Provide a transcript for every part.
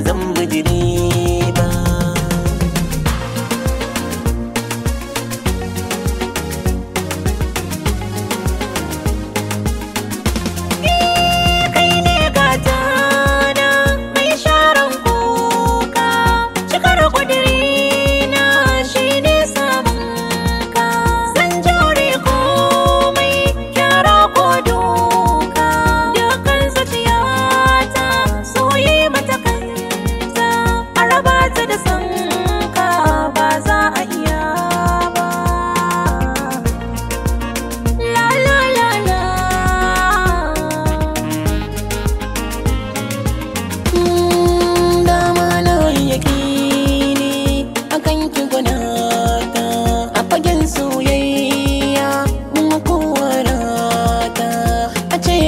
zan bijiri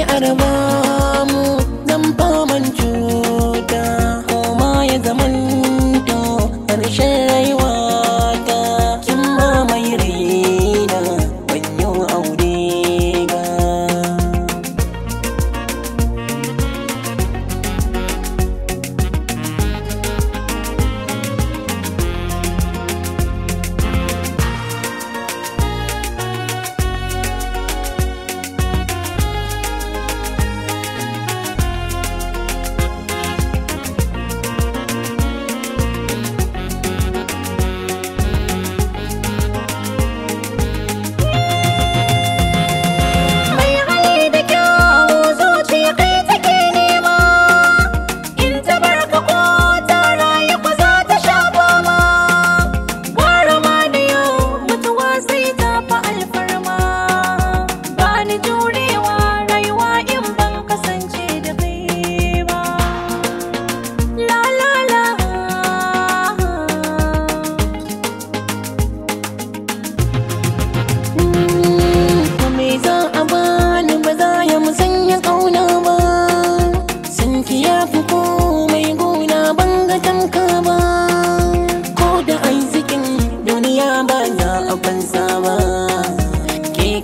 arma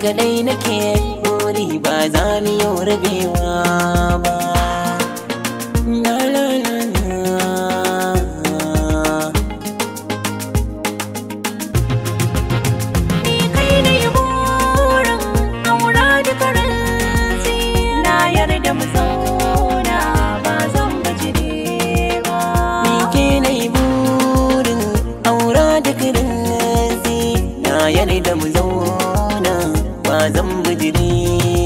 kadai nake buri ba za mu yi rabewa ba zan bijiri